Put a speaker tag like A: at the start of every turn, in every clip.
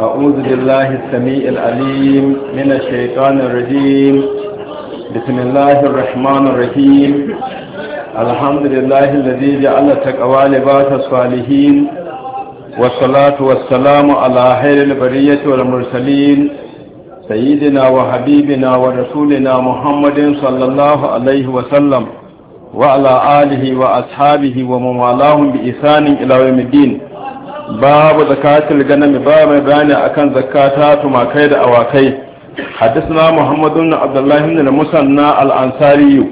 A: أعوذ بالله السميع العليم من الشيطان الرجيم بسم الله الرحمن الرحيم الحمد لله الذي جعل تقوى لباس الصالحين والصلاة والسلام على خير البرية والمرسلين سيدنا وحبيبنا ورسولنا محمد صلى الله عليه وسلم وعلى آله وأصحابه ومن والاهم بإحسان إلى يوم الدين babu zakatul ganami ba mai bayani akan zakata tumakai da awakai حدثنا محمد بن عبد الله بن المثنى الأنصاري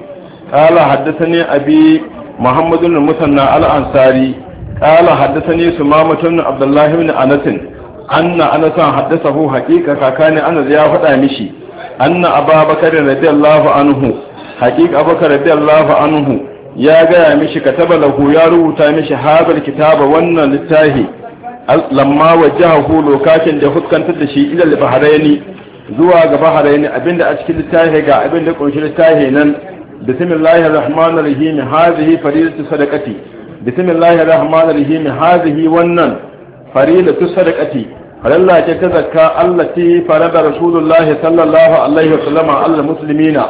A: قال حدثني أبي محمد بن المثنى الأنصاري قال حدثني سمامة بن عبد الله بن أنس أن أنس حدثه حقيقة كان أنس يا فدا مشي أن أبا بكر رضي الله عنه حقيقة أبا بكر رضي الله عنه يا جاء مشي كتب له يا روتا مشي هذا الكتاب وأن للتاهي lamma wajahu lokacin da fuskantar da shi ila al-bahrayni zuwa ga bahrayni abinda a cikin littafi ga abinda kunshi littafi nan bismillahir rahmanir rahim hadhihi faridatu sadaqati bismillahir rahmanir rahim hadhihi wannan faridatu sadaqati falalla ce ta zakka allati farada rasulullah sallallahu alaihi wasallam al muslimina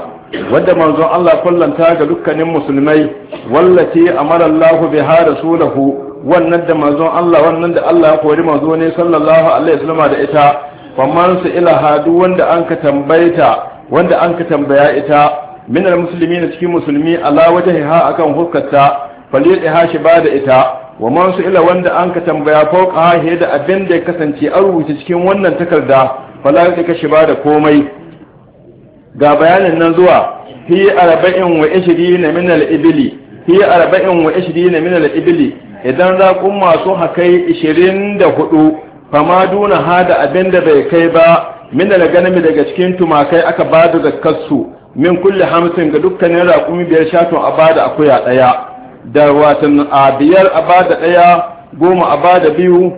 A: wadda manzon Allah kullanta ga dukkanin musulmai wallati amara Allah biha rasulahu wannan da manzon Allah wannan da Allah ya kori manzo ne sallallahu alaihi wasallam da ita faman su ila hadu wanda an ka tambayta wanda an ka tambaya ita min almuslimin cikin musulmi ala wajhiha akan Falil falidha shi ba da ita wa man su ila wanda an ka tambaya fauka he da abin da ya kasance an rubuta cikin wannan takarda fala ka shi ba da komai ga bayanin nan zuwa fi arba'in wa ishirina min al-ibli fi arba'in wa ishirina min al-ibli idan raƙun masu hakai 24 fama duna hada abin da bai kai ba min da ganami daga cikin tumakai aka ba da zakkarsu min kulle hamsin ga dukkanin raƙumi biyar shatun a ba da akuya ɗaya da watan a biyar a ba da ɗaya goma a ba da biyu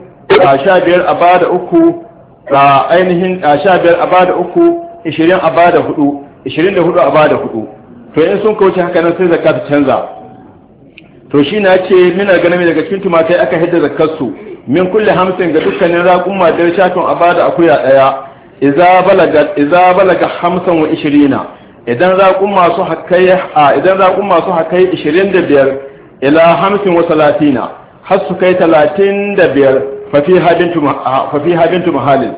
A: a sha biyar a ba da uku a ainihin a sha biyar a ba da uku ishirin a ba da hudu ishirin da hudu a ba da hudu to in sun kauce haka nan sai zakka ta canza to shi na ce mina ganin daga cikin tumakai aka hidda kasu min kulle hamsin ga dukkanin raƙun madar shafin a bada akuya ɗaya iza balaga hamsin wa ishirina idan raƙun masu hakai a idan raƙun masu hakai ishirin da biyar ila hamsin wa talatina har su kai talatin da biyar fafi ha bintu muhalin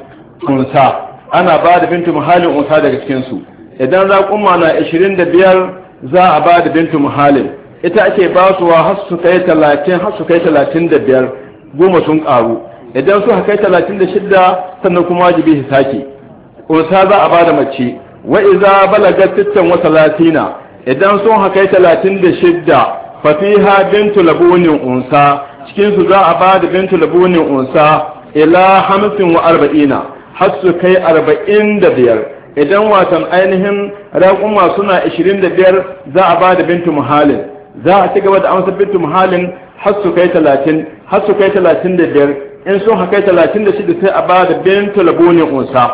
A: unsa ana ba da bintu muhalin unsa daga cikinsu idan raƙun na ishirin da biyar za a ba da bintu muhalin ita ake ba su wa har su kai talatin har su kai talatin da biyar goma sun ƙaru idan su kai talatin da shidda sannan kuma wajibi su sake ƙusa za a ba da mace wa iza balaga sittan wa talatina idan sun kai talatin da shidda fafiha bintu labunin unsa cikin su za a ba da bintu labunin unsa ila hamsin wa arba'ina har su kai arba'in da biyar idan watan ainihin raƙuma suna ashirin da biyar za a ba da bintu muhalin za a ci gaba da amsa bitum muhalin har su kai talatin har su kai talatin da biyar in sun haka talatin da shida sai a ba da bin talabonin unsa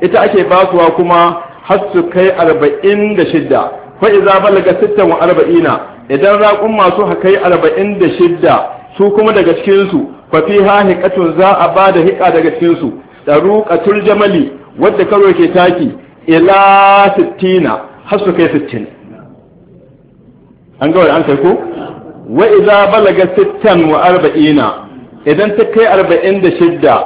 A: ita ake basuwa kuma har su kai arba'in da shida ko iza balaga sittan wa arba'ina idan raƙun masu hakai arba'in da shida su kuma daga cikinsu fa fi ha hiƙatun za a ba da hiƙa daga cikinsu ɗaruƙatul jamali wadda karo ke taki ila sittina har su kai sittin an ga an kai ko wa idza balaga sittan wa arba'ina idan ta kai arba'in da shidda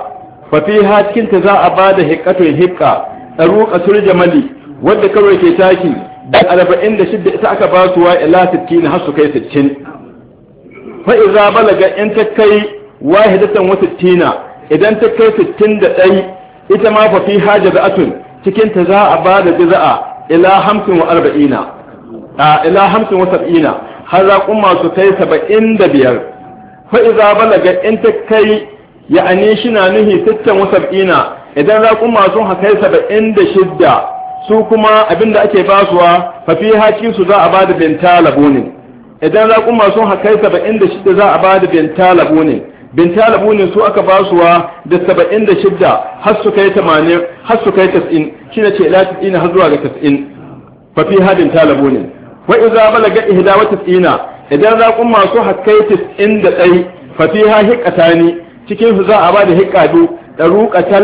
A: fa fiha cikin ta za a bada hiqatun hiqa taruqa surjamali wadda karo ke taki da arba'in da shidda ita aka ba su wa ila sittin har su kai sittin fa idza balaga in ta kai wahidatan wa sittina idan ta kai sittin da ɗai ita ma fa fiha jaza'atun cikin ta za a bada jaza'a ila hamsin wa arba'ina ila hamsin wa sab'ina har raƙuma su kai saba'in da biyar fa iza balaga in ta kai ya ya'ani shina nuhi sittan wa sab'ina idan raƙuma sun kai saba'in da shidda su kuma abinda ake basuwa fa fi haƙin su za a bada binta labo ne idan raƙuma sun kai saba'in da shidda za a bada binta labo ne binta labo ne su aka basuwa da saba'in da shidda har su kai tamanin har su kai tas'in shine ce ila tas'in har zuwa ga tas'in fa fi hadin talabo ne wa idza balaga ihda wa tis'ina idan raqum masu hakkai tis'in da tsai fa fiha hiqatani cikin su za a ba da hiqadu daruqatal